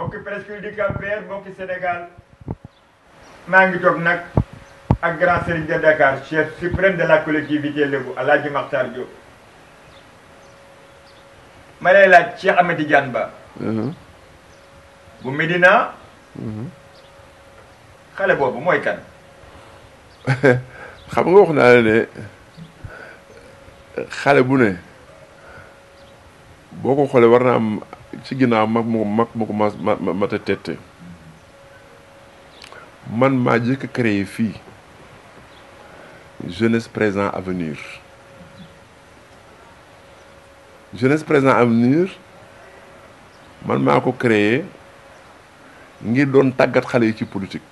mbokki presqu'île du Cap-Vert mbokki Sénégal maa ngi toog nag ak grand serigne de Dakar chef suprême de la collectivité Lébu Alaaji Maxtar Diop ma lay laaj Cheikh Ahmed Tidiane Ba mhm. bu Medina mhm. xale boobu mooy kan xam nga wax naa la ne xale bu ne boo ko xoolee war am Je ginnaaw mag mag ko man créé jeunesse présent avenir jeunesse présent avenir man créé politique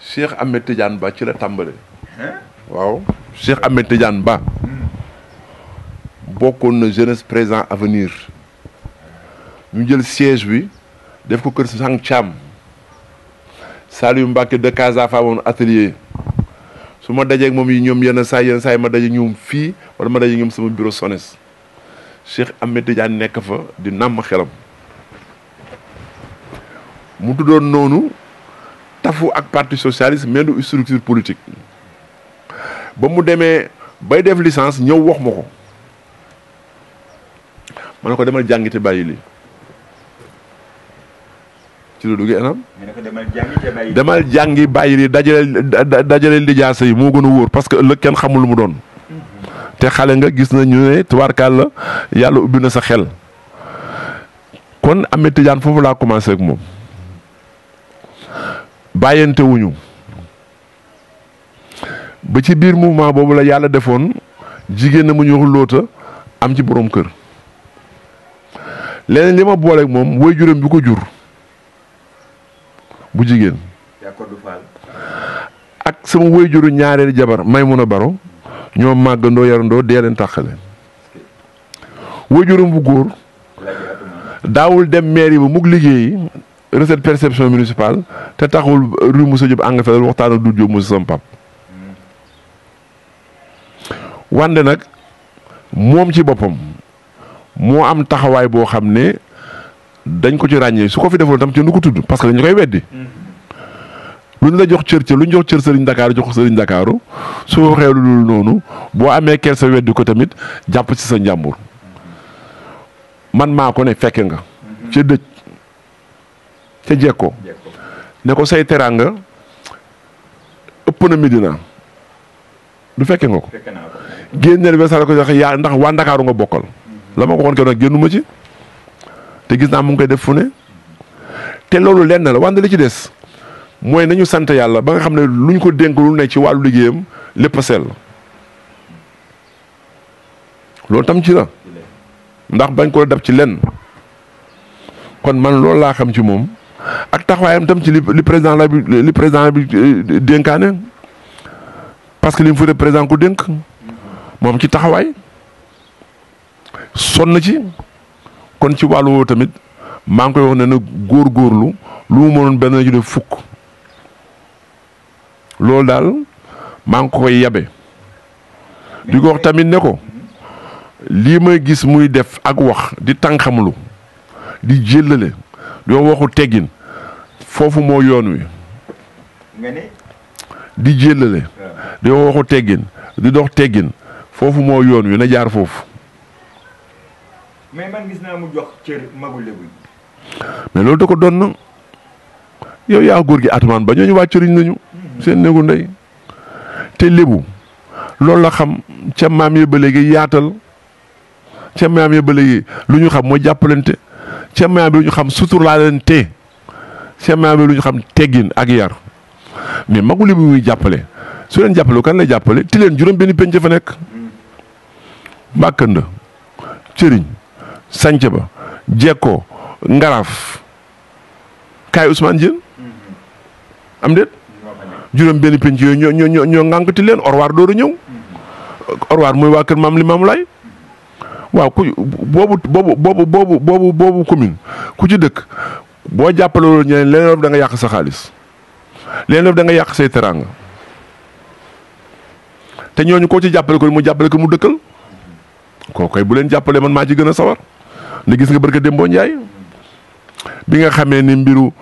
Cheikh Ahmed Tidiane Ba la hein? Cheikh Ahmed bokone jeunesse présent avenir ñu jël siège bi def ko keur sang cham de Casa atelier suma ma ñoom ma dajé ñoom fi wala ma sama bureau SONES Cheikh Ahmed Tidiane nek fa di nam xelam mu tudon tafu ak parti socialiste mais du structure politique ba mu démé bay def licence ma ko demal jàngi te bàyyi lii ci la duggee anam. demal jàngi bàyyi yi moo gën a wóor parce que ëllëg kenn xamul lu mu doon. te xale nga gis nañu ne tubaarkaal la yàlla ubbi na sa xel. kon Ahmed Tidiane foofu laa commencé ak moom bàyyante ba ci biir mouvement boobu la yàlla defoon jigéen na mu ñu wax lóota am ci boroom kër. leneen li ma booleeg moom way juróom bi ko jur bu jigéen ak sama way juru ñaareelu jabar may a Baro ñoo màggandoo yarandoo dee leen tàqale way juróom bu góor daawul dem mairie ba mug liggéeyi recette perception municipale te taxul rue Moussa Diop Angleterre waxtaan ak du Diop Moussa sama pap hmm. wande nag moom ci boppam moo am taxawaay boo xam ne dañ ko ci ràññee su ko fi defoon tam ci nu ko tudd parce que dañu koy weddi. Mm-hmm. lu ñu la jox cër cër lu ñu jox cër sëriñ Dakar jox ko sëriñ Dakaru su waxee lu dul noonu boo amee kersa weddi ko tamit jàpp ci sa njàmbur man maa ko ne fekke nga. Mm-hmm. ca dëj ca jekko ne ko say teraanga ëpp na Medina du fekke nga ko. génneel ba sax ko wax yaa ndax waa Ndakaaru nga bokkal. la ma ko waxoon keroog génnu ma ci te gis naa mu ngi koy def fu ne te loolu lenn la wante li ci des mooy nañu sant yàlla ba nga xam ne lu ñu ko dénk lu ne ci wàllu liggéeyam lépp a sell loolu tam ci la ndax bañ koo dab ci lenn kon man loolu laa xam ci moom ak taxawaayam tam ci li li président la bi li président bi euh, dénkaane parce que li mu fi représenté ko dénk moom ci taxawaay. sonn ci kon ci wàllu woowu tamit maa ngi koy wax ne na góorgóorlu lu mu mënoon benn def fukk loolu daal maa ngi koy yabe di ko wax tamit ne ko lii may gis muy def ak wax di tànqamlu di jëllale doo waxu teggin foofu moo yoon wi di jëllale ah. doo waxu teggin di dox teggin foofu moo yoon wi na jaar foofu mais man gis naa mu jox cër magu lébu mais loolu da ko doon na yow yaa góor gi atumaan ba ñooñu wàccëriñ nañu seen néegu ndey te lébu loolu la xam ca maam ya ba léegi yaatal ca maam ya ba léegi lu ñu xam moo jàppalante ca maam bi lu ñu xam suturlaalante ca maam bi lu ñu xam teggin ak yar mais magu lébu muy jàppale su leen jàppale kan lay jàppale ti leen juróom benn penc fa nekk mm. mbàkkanda cëriñ sanc ba Ngaraf, ngaraf Usmanjin, Ousmane Juran mm-hmm. am det djuram ben penc yo ñoo ñoo ñoo ngànkati Orwar orwaar dooru ñew mm-hmm. orwar mooy wa keur mam li mam lay mm-hmm. wa ku bobu bobu bobu bobu bobu bobu commune ku ci dekk bo jappal lo ñeen len da nga yak sa xaliss len nga yak say te ñu ko ci jappal ko mu jappal ko mu dekkal ko kay bu len jappale man ma ci gëna sawar li gis nga bërka démboo njaay bi nga xamee ni mbiru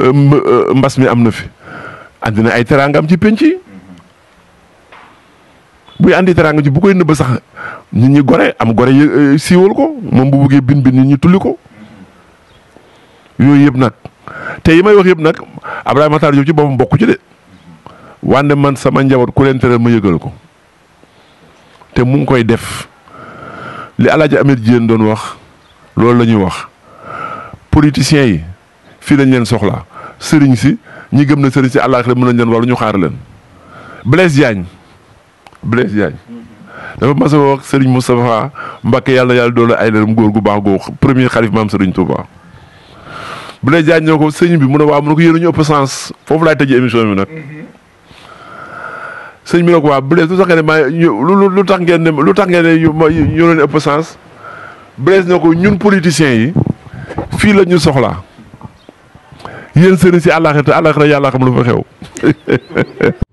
euh, euh, mbas mi am na fi andi na ay teraangam ci penc bu buy andi teraanga ci bu koy nëbb sax nit ñi gore am gore euh, siiwal ko moom bu buggee bin bin nit ñi tulli ko yooyu yëpp nag te yi may wax yëpp nag Abdoulaye Makhtar Diop ci boppam bokku ci de wande man sama njaboot ku leen tere ma yëgal ko te mu ngi koy def li Alaaji Amir Dieng doon wax loolu la ñuy wax politiciens yi fii lañ leen soxla sëriñ si ñi gëm na sëriñ si mun mën nañ leen war ñu xaar leen Blaise Diagne Blaise Diagne dafa mas a wax sëriñ Moustapha Mbacke yàlla yàlla doole ay leeram góor gu baax googu premier xalif maam sëriñ Touba. Blaise Diagne ñoo ko sëriñ bi mun ne waaw mu ne ko yéen ñu ëpp sens foofu laay tëjee émission bi nag. sëriñ bi ne ko waa Blaise lu tax ngeen lu lu tax ngeen lu tax ngeen ne ñu leen ëpp sens. Blaise na ko ñun politiciens yi fii la ñu soxlaa yéen sëriñ si àllaaxira te àllaaxira yàlla xam lu fa xew